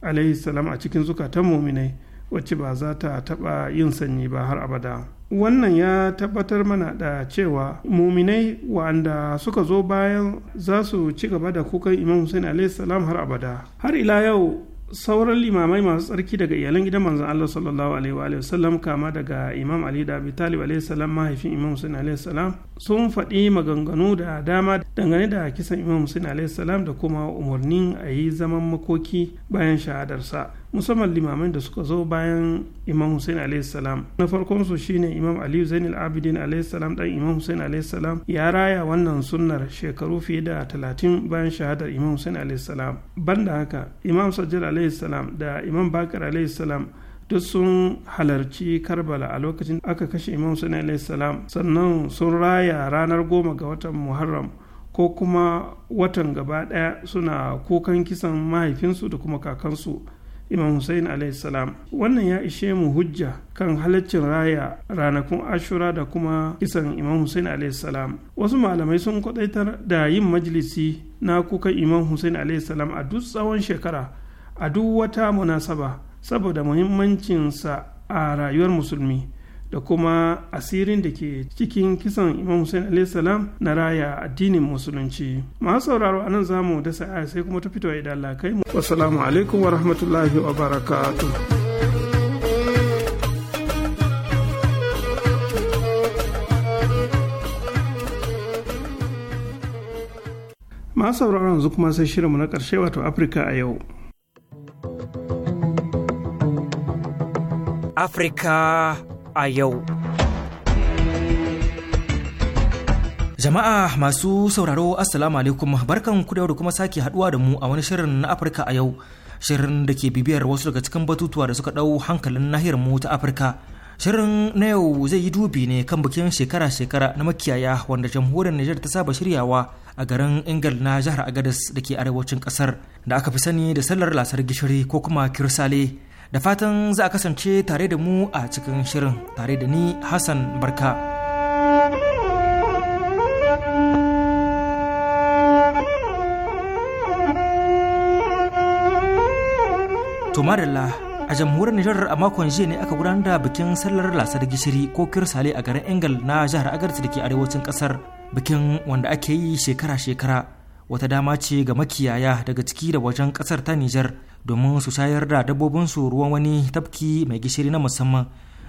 alaihi salam a cikin zukatan muminai wacce ba za ta taɓa yin sanyi ba har abada wannan ya tabbatar mana da cewa muminai wa'anda suka zo bayan za su ci gaba da kukan imam hussein salam har abada har ila yau sauran limamai masu tsarki daga iyalan gidan manzon Allah sallallahu alaihi wa sallam kama daga Imam Ali da Abi Talib salam mahaifin Imam Hussein alaihi salam sun faɗi maganganu da dama dangane da kisan Imam Hussein alaihi salam da kuma umarnin a yi zaman makoki bayan shahadarsa musamman limamin da suka zo bayan imam hussein salam na farkon su shine imam aliyu al abidin salam dan imam hussein salam ya raya wannan sunnar shekaru fiye da talatin bayan shahadar imam hussein salam banda haka imam sajjad salam da imam bakar salam duk sun halarci karbala a lokacin aka kashe imam hussein salam sannan sun raya ranar goma ga watan muharram ko kuma watan gaba daya suna kukan kisan mahaifinsu da kuma kakansu imam hussein wannan ya ishe mu hujja kan halaccin raya ranakun ashura da kuma kisan imam hussein alaihissalam wasu malamai sun kwadaitar da yin majalisi na kukan imam hussein alaihissalam a duk tsawon shekara a duk wata munasaba saboda muhimmancinsa a rayuwar musulmi da kuma asirin da ke cikin kisan imam hussein salam na raya addinin musulunci masu sauraro a nan zamu dasa 'ya'ya sai kuma ta fito idan Allah kai mu wassalamu alaikum wa rahmatullahi wa barakatuh masu sauraro yanzu kuma sai shirinmu na karshe wato Afrika a yau afirka a yau. Jama'a masu sauraro Assalamu alaikum barkan ku da kuma sake haduwa da mu a wani shirin na Afirka a yau. Shirin da ke bibiyar wasu daga cikin batutuwa da suka ɗau hankalin nahiyar mu ta Afirka. Shirin na yau zai yi dubi ne kan bikin shekara-shekara na makiyaya wanda jamhuriyar Nijar ta saba shiryawa a garin Ingal na jihar Agadez da ke arewacin kasar da aka fi sani da sallar lasar gishiri ko kuma kirsale da fatan za a kasance tare da mu a cikin shirin tare da ni hassan barka tomadala a jamhuriyar nijar a makon jiya ne aka gudanar da bikin sallar lasar gishiri ko kirsale a garin engal na jihar agarci da ke arewacin kasar bikin wanda ake yi shekara-shekara wata dama ce ga makiyaya daga ciki da wajen kasar ta Nijar domin su shayar da dabbobinsu ruwan wani tafki mai gishiri na musamman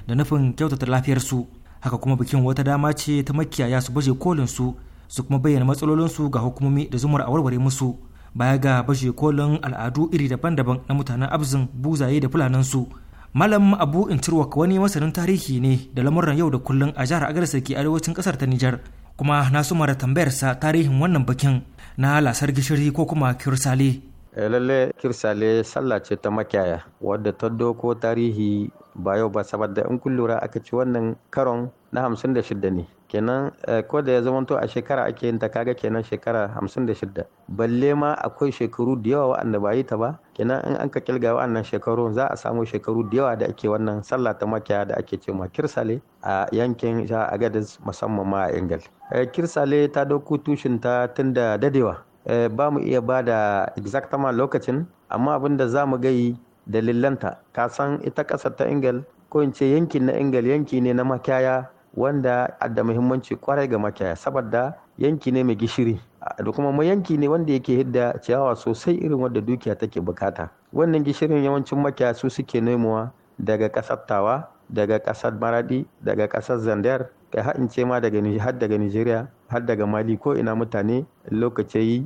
da nufin kyautata lafiyarsu haka kuma bikin wata dama ce ta makiyaya su baje kolin su su kuma bayyana matsalolinsu ga hukumomi da zumar a warware musu baya ga baje kolin al'adu iri daban-daban na mutanen abzin buzaye da su malam abu intirwak wani masanin tarihi ne da lamuran yau da kullum a jihar agarsa ke arewacin kasar ta nijar kuma na suma da tambayarsa tarihin wannan bikin na lasar gishiri ko kuma kirsale eh, lalle kirsale sallah ce ta makiyaya wadda ta doko tarihi ba yau ba saboda in kun aka ci wannan karon na hamsin shida ne kenan eh, ko da ya zama zamanto a shekara ake yin ta kaga kenan shekara hamsin da shida balle ma akwai shekaru da yawa wa'anda ba yi ta ba kenan in an ka kilga wa'annan shekaru za a samu shekaru da yawa da ake wannan sallah ta makiya da ake ce ma kirsale a yankin ja agadis musamman ma a ingal eh, kirsale ta dauko tushin ta tun da dadewa eh, ba mu iya ba da exactama lokacin amma abin da za mu gai dalilanta ka san ita ƙasar ta ingal ko in ce yankin na ingal yanki ne na makiyaya wanda da muhimmanci kwarai ga makiyaya saboda yanki ne mai gishiri da kuma mai yanki ne wanda yake hidda ciyawa sosai irin wanda dukiya take bukata wannan gishirin yawancin makiyaya su suke nemowa daga kasar tawa daga kasar maradi daga kasar zandar kai har in ce ma daga har daga nigeria har daga mali ko ina mutane lokaci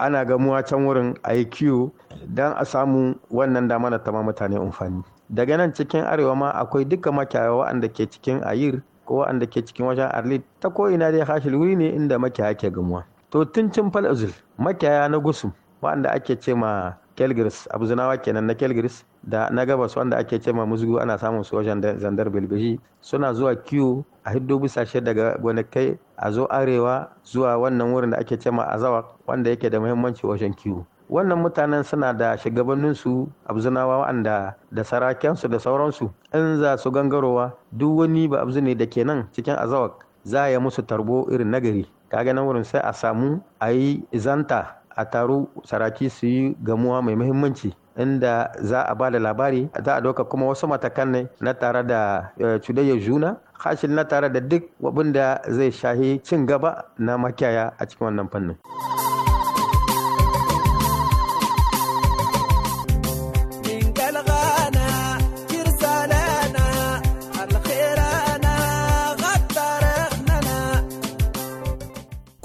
ana gamuwa can wurin IQ don a samu wannan dama na tama mutane amfani daga nan cikin arewa ma akwai duka makiyaya waɗanda ke cikin ayir ko waɗanda ke cikin wajen arlit ta ko ina dai hashil wuri ne inda makiyaya ke gamuwa to tun cin falazul makiyaya na gusum waɗanda ake ce ma kelgris abuzinawa kenan na kelgris da na gabas wanda ake ce ma musgu ana samun su wajen zandar bilbishi suna zuwa kiwo a hiddo bisashe daga gonakai a zo arewa zuwa wannan wurin da ake ce ma azawa wanda yake da muhimmanci wajen kiwo wannan mutanen suna da shugabanninsu abzunawa wa'anda da sarakensu da sauransu in za su gangarowa duk wani ba abzu ne da ke nan cikin azawak za ya musu tarbo irin nagari kaga nan wurin sai a samu a yi izanta a taru saraki su yi gamuwa mai muhimmanci inda za a ba da labari za a doka kuma wasu matakan ne na tare da eh, cudayyar juna hashin na tare da duk abin zai shahi cin gaba na makiyaya a cikin wannan fannin.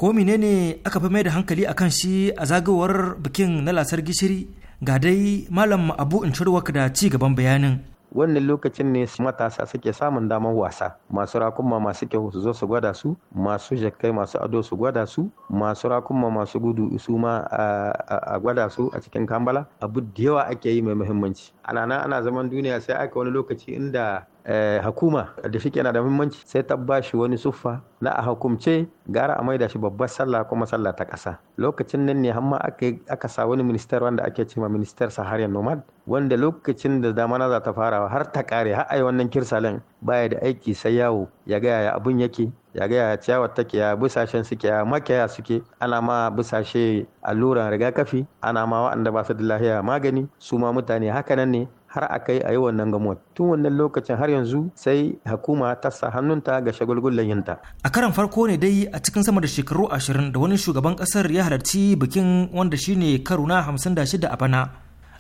ko menene aka fi mai da hankali akan shi a zagawar bikin na lasar gishiri ga dai malam abu in da ci gaban bayanin wannan lokacin ne matasa suke samun damar wasa masu rakunma masu kyau su zo su gwada su masu jakkai masu ado su gwada su masu rakunma masu gudu su ma a gwada su a cikin kambala abu da yawa ake yi mai muhimmanci ana nan ana zaman duniya sai aka wani lokaci inda hakuma eh, da shi na da muhimmanci sai ta ba shi wani suffa na a hukumce gara a maida shi babbar sallah kuma sallah ta ƙasa lokacin nan ne hamma aka sa wani minister wanda ake cewa minister saharian nomad wanda lokacin da damana za ta farawa har ta kare har ai wannan kirsalin baya da aiki sai yawo ya ga yaya abun yake ya ga ya ciyawar take ya busashen suke ya makiyaya suke ana ma busashe alluran rigakafi ana ma wa'anda ba su da lahiya magani su ma mutane nan ne har a kai a yi wannan gamuwa tun wannan lokacin har yanzu sai hukuma ta sa hannunta ga shagulgullan yinta a karan farko ne dai a cikin sama da shekaru ashirin da wani shugaban kasar ya halarci bikin wanda shine karuna na a bana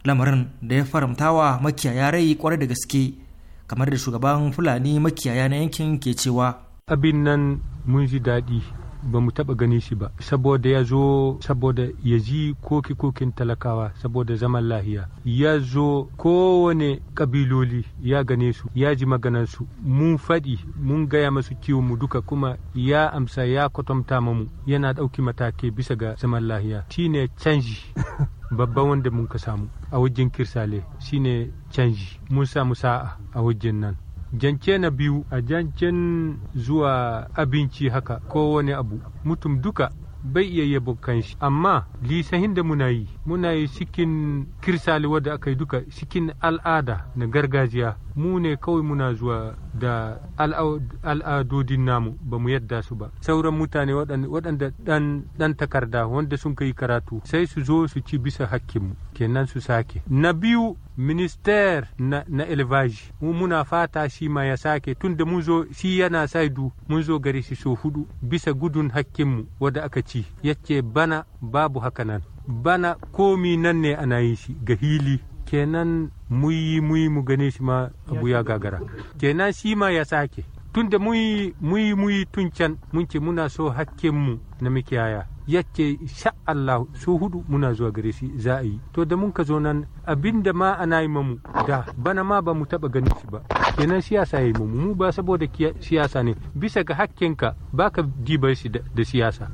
lamarin da ya faramtawa makiyaya rai kwarai da gaske kamar da shugaban fulani makiyaya na yankin ke cewa abin nan mun ji daɗi ba mu taɓa gani shi ba saboda ya zo saboda ya ji koki kokin talakawa saboda zaman lahiya ya zo kowane ƙabiloli ya gane su ya ji maganarsu mun faɗi mun gaya masu kiwo mu duka kuma ya amsa ya kwatanta mamu yana ɗauki matake bisa ga zaman lahiya shine canji babban wanda mun ka samu a wajen kirsale shine canji mun samu sa'a a wajen nan jance na biyu a jancen zuwa abinci haka ko wani abu mutum duka bai iya yabo kanshi amma lisahin da muna yi muna yi cikin kirsali wadda aka yi duka cikin al'ada na gargajiya mu ne kawai muna zuwa da al'adodin namu ba mu yadda su ba sauran mutane waɗanda ɗan takarda wanda sun kai karatu sai su zo su ci bisa hakkinmu kenan su sake na biyu minister na, na elevage mu muna fata shi ma ya sake tun da zo shi yana saidu mun zo gari shi so hudu bisa gudun hakkinmu wadda aka ci yace bana babu haka nan bana komi nan ne ana yin shi ga hili kenan muyi muyi mu gane shi ma abu ya gagara kenan shi ma ya sake tunda muyi muyi muyi tun can mun ce muna so hakkin mu na mikiyaya yace sha Allah su hudu muna zuwa gare shi za a yi to da mun ka zo nan abinda ma ana yi mamu da bana ma ba mu taba ganin shi ba kenan siyasa ya yi mamu mu ba saboda siyasa ne bisa ga hakkinka baka dibar shi da siyasa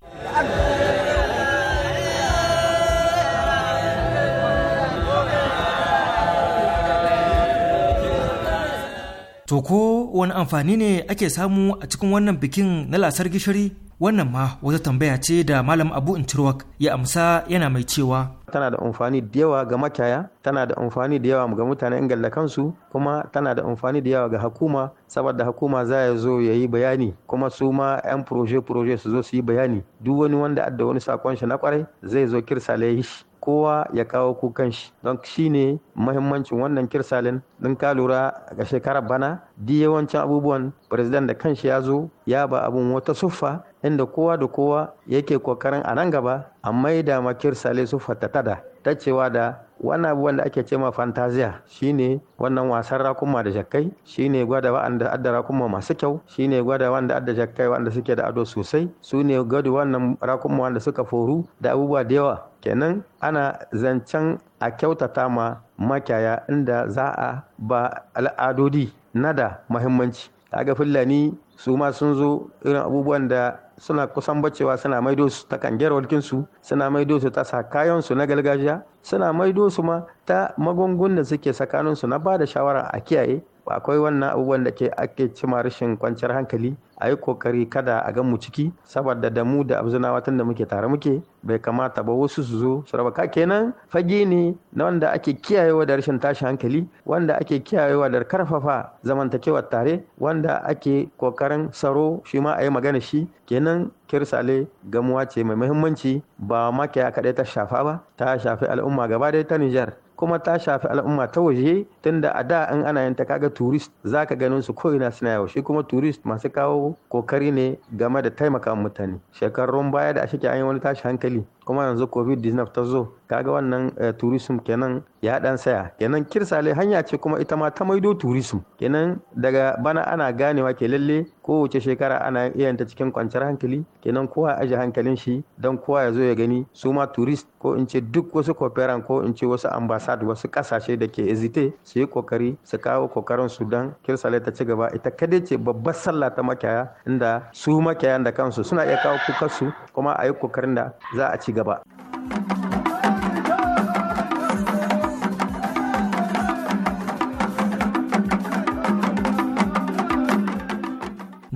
To ko wani amfani ne ake samu a cikin wannan bikin na lasar gishiri? Wannan ma wata tambaya ce da Malam Abu Intirwak ya amsa yana mai cewa. Tana da amfani da yawa ga makiyaya, tana da amfani da yawa ga mutanen da kansu, kuma tana da amfani da yawa ga hakuma, saboda hakuma za ya zo ya yi bayani, kuma su ma 'yan proje-proje su zo su yi bayani. Duk wani wanda adda wani sakon shi na kwarai zai zo kirsa shi. kowa ya kawo kukan shi don shi ne mahimmancin wannan kirsalin don ka lura ga shekarar bana di yawancin abubuwan president da kanshi ya zo ya ba abun wata suffa inda kowa da kowa yake kokarin a nan gaba a maida ma kirsale suffa ta tada ta cewa da wannan abubuwan da ake cema fantaziya shine wannan wasan rakuma da jakkai shine gwada wa'anda adda rakuma masu kyau shine gwada wanda adda jakkai wanda suke da ado sosai su ne gwada wannan rakuma wanda suka foru da abubuwa da yawa kenan ana zancen a kyautata ma makiyaya inda za a ba al'adodi na da muhimmanci ga fulani su ma sun zo irin abubuwan da suna kusan bacewa suna maido su ta kanjar walkinsu suna maido su ta su na gargajiya suna maido su ma ta magungun da suke tsakaninsu na ba da shawara a kiyaye akwai wannan abubuwan da ke ake cima rashin kwanciyar hankali a yi kokari kada a gan mu ciki saboda da mu da abzunawa tun da muke tare muke bai kamata ba wasu su zo su raba kenan fage ne na wanda ake kiyayewa da rashin tashi hankali wanda ake kiyayewa da karfafa zamantakewar tare wanda ake kokarin saro shi ma a yi magana shi kenan kirsale gamuwa ce mai muhimmanci ba makiya kaɗai ta shafa ba ta shafi al'umma gaba ɗaya ta Nijar kuma ta shafi al'umma ta waje tunda a da in ana yin kaga turist za ka ganin su ko ina suna yawo shi kuma turist masu kawo kokari ne game da taimaka mutane shekarun baya da a shike an yi wani tashi hankali kuma yanzu covid-19 ta zo kaga wannan eh, tourism kenan ya dan saya kenan kirsale hanya ce kuma ita ma ta maido tourism kenan daga bana ana ganewa ke lalle kowace shekara ana iya ta cikin kwanciyar hankali kenan kowa aje hankalin shi don kowa ya zo ya gani su ma tourist ko in ce duk wasu koferan ko in ce wasu ambassad wasu kasashe da ke ezite su yi kokari su kawo kokarin su don kirsale ta ci gaba ita kadai ce babbar sallah ta makaya inda su makiyayan da kansu suna iya kawo kukarsu kuma a yi kokarin da za a ci gaba.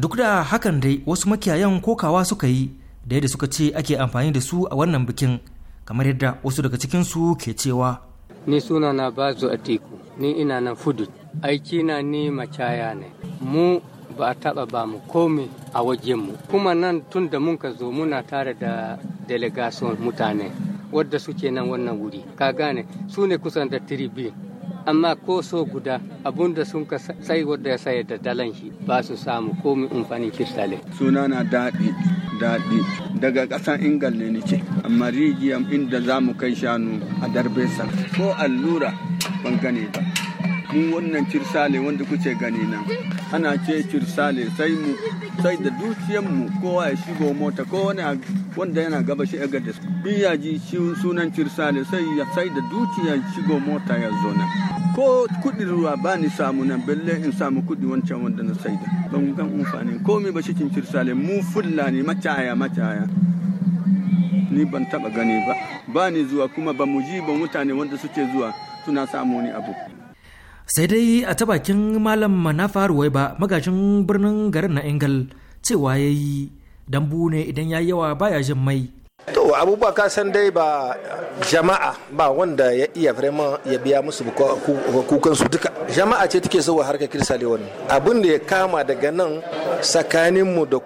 duk da hakan dai wasu makiyayan kokawa suka yi da yadda suka ce ake amfani da su a wannan bikin kamar yadda wasu daga cikinsu ke cewa ni suna na bazu a teku ni ina nan fudu aiki na ni macaya ne mu ba a taɓa ba mu komi a wajenmu kuma nan tun da mun ka zo muna tare da delegation mutane wadda suke nan wannan wuri ka gane su ne kusan da tiribi amma ko so guda abinda sun ka sai wadda ya sayar da dalan shi ba su samu komi umfani kirtale suna na daɗi daɗi daga ƙasar ingal ne nake amma rigiyam inda za mu kai shanu a darbe sa ko allura ban gane ba mu wannan cirsale wanda kuke gani nan ana ce cirsale sai mu sai da mu kowa ya shigo mota ko wani wanda yana gaba shi ga da ya ji sunan cirsale sai ya sai da dukiyar shigo mota ya zo nan ko kudin ruwa ba ni samu nan balle in samu kudi wancan wanda na sai da ban gan amfani komai ba shi cin cirsale mu fullani macaya macaya ni ban taba gani ba ba ni zuwa kuma ba mu ji ba mutane wanda suke zuwa suna samu ni abu sai dai a ta bakin malam manafa ba magajin birnin garin na ingal cewa ya yi dambu ne idan ya yawa baya jin mai to abubuwa ka san dai ba jama'a ba wanda ya iya firema ya biya musu kukansu duka jama'a ce take zuwa harkar kirsale wani abin da ya kama daga nan tsakaninmu da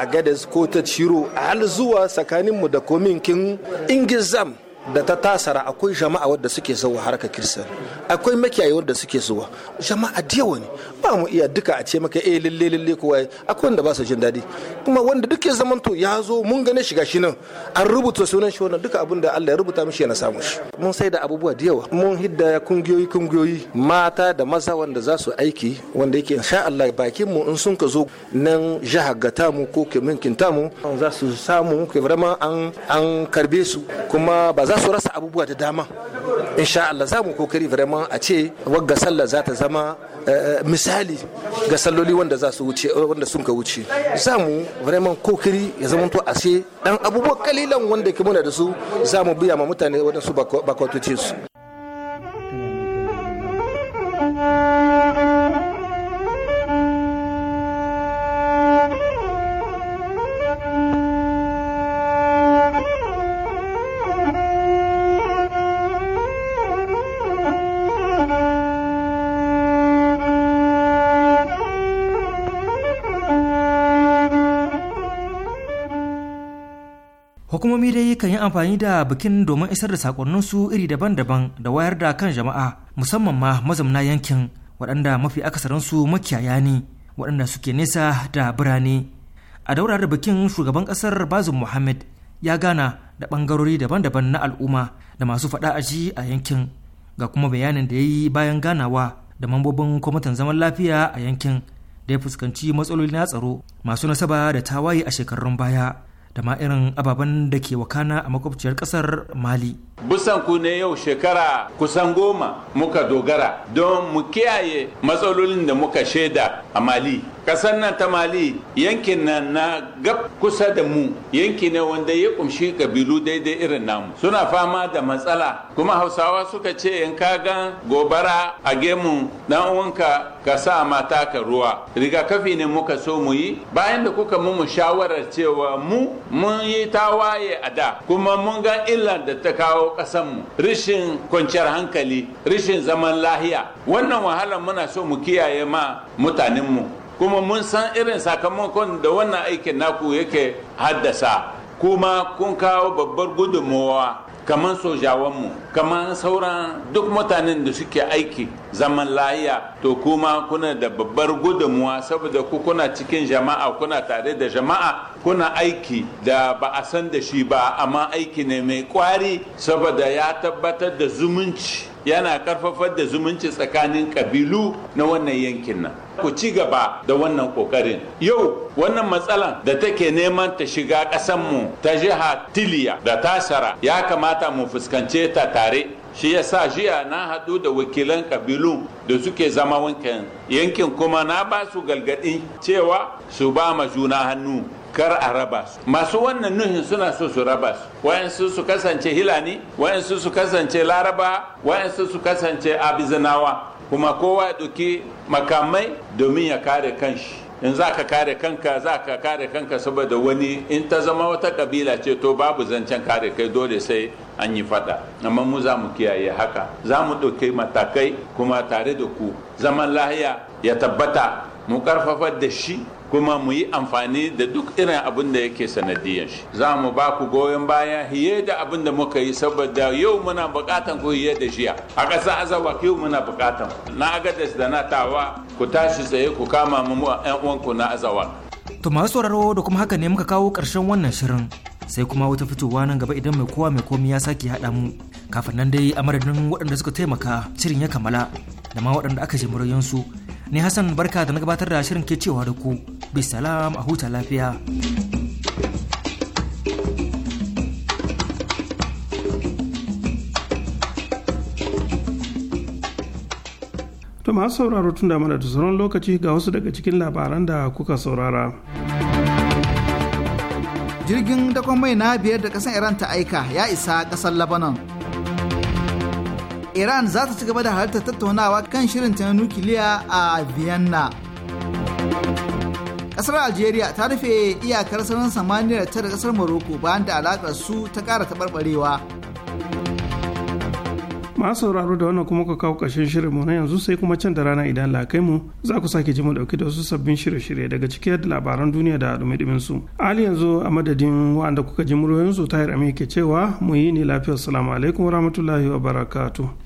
a gadas ko ta ciro a zuwa tsakaninmu da kominikin ingizam da ta tasara akwai jama'a wadda suke zuwa harkar kirsan akwai makiyaye wadda suke zuwa jama'a da yawa ne ba mu iya duka a ce maka eh lalle lalle kowa akwai wanda ba su jin daɗi kuma wanda duke zaman zamanto ya zo mun gane shiga shi nan an rubuta sunan shi wannan duka abin da Allah ya rubuta mishi yana samu shi mun sai da abubuwa diyawa mun hidda kungiyoyi kungiyoyi mata da maza wanda za su aiki wanda yake insha Allah bakin mu in sun ka zo nan jihar gata mu ko kimin kinta mu za su samu ke an an karbe su kuma ba za za su rasa abubuwa da dama insha Allah za mu kokari vraiment a ce wagga sallah za ta zama eh, misali ga salloli wanda za su wuce eh, wanda sun ka wuce za mu vraiment kokari ya zama to a ce dan abubuwa kalilan wanda ke muna da su za mu biya ma mutane wadansu bakwatoce su sukan yi amfani da bikin domin isar da sakonninsu iri daban-daban da wayar da kan jama'a musamman ma mazamna yankin waɗanda mafi akasarinsu makiyaya ne waɗanda suke nesa da birane a daura da bikin shugaban ƙasar bazum muhammad ya gana da ɓangarori daban-daban na al'umma da masu faɗa a ji a yankin ga kuma bayanin da ya yi bayan ganawa da mambobin kwamitin zaman lafiya a yankin da ya fuskanci matsaloli na tsaro masu nasaba da tawaye a shekarun baya da ma irin ababen da ke wakana a makwabciyar kasar mali busan ku ne yau shekara kusan goma muka dogara don mu kiyaye matsalolin da muka shaida a mali kasar nan ta mali yankin nan na gab kusa da mu yanki ne wanda ya kumshi kabilu daidai irin namu suna fama da matsala kuma hausawa suka ce in ka gan gobara a gemu dan uwanka ka sa mata ka ruwa rigakafi ne muka so mu yi bayan da kuka mu shawarar cewa mu mun yi tawaye a da kuma mun ga illar da ta kawo ƙasanmu rishin kwanciyar hankali rishin zaman lahiya wannan wahalar muna so mu kiyaye ma mutanenmu kuma mun san irin sakamakon da wannan aikin naku yake haddasa kuma kun kawo babbar gudunmowa kamar sojawanmu kamar sauran duk mutanen da suke aiki zaman lahiya to kuma kuna da babbar gudunmuwa saboda ku kuna cikin jama'a kuna tare da jama'a kuna aiki da ba a san da shi ba amma aiki ne mai kwari saboda ya tabbatar da zumunci yana karfafar da zumunci tsakanin kabilu na wannan yankin nan ku ci gaba da wannan kokarin yau wannan matsalan da take neman ta shiga ƙasanmu ta jiha tiliya da tasara ya kamata mu fuskance ta tare shi ya sa jiya na haɗu da wakilan kabilu da suke zama wankan yankin kuma na ba su galgadi cewa su ba ma juna hannu kar a raba su masu wannan nuhin suna so su raba su wayansu su kasance hilani wayansu su kasance laraba wayansu su kasance abizanawa kuma kowa ya doki makamai domin ya kare kanshi in za ka kare kanka za ka kare kanka saboda wani in ta zama wata kabila ce to babu zancen kare kai dole sai an yi fada amma mu za mu kiyaye haka za mu ɗauke matakai kuma tare da ku zaman lahiya ya tabbata mu karfafa da shi kuma mu yi amfani da duk irin abin da yake sanadiyan shi za mu ba ku goyon baya hiye da abin da muka yi saboda yau muna bukatan ku hiye da jiya a ƙasa azawa yau muna bukatan na agadas da na tawa ku tashi tsaye ku kama mu yan uwanku na azawa to masu sauraro da kuma haka ne muka kawo ƙarshen wannan shirin sai kuma wata fitowa nan gaba idan mai kowa mai komi ya sake haɗa mu kafin nan dai a madadin waɗanda suka taimaka shirin ya kammala da ma waɗanda aka je muryoyinsu ne hassan barka da na gabatar da shirin ke cewa da ku bisalam a huta lafiya. To masu sauraro tun da mana da lokaci ga wasu daga cikin labaran da kuka saurara. Jirgin dakon mai na biyar da kasan Iran ta aika ya isa ƙasar Lebanon. Iran za ta ci gaba da halarta tattaunawa kan shirin ta nukiliya a Vienna. kasar algeria ta rufe iyakar sararin samaniya ta da kasar morocco bayan da alakar su ta kara taɓarɓarewa masu sauraro da wannan kuma ka kawo ƙarshen mu na yanzu sai kuma can da rana idan lakai mu za ku sake ji mu dauki da wasu sabbin shirye-shirye daga ciki da labaran duniya da dumi su hali yanzu a madadin wa'anda kuka ji muryoyinsu tahir amin ke cewa mu yi ne lafiyar salamu alaikum wa barakatu.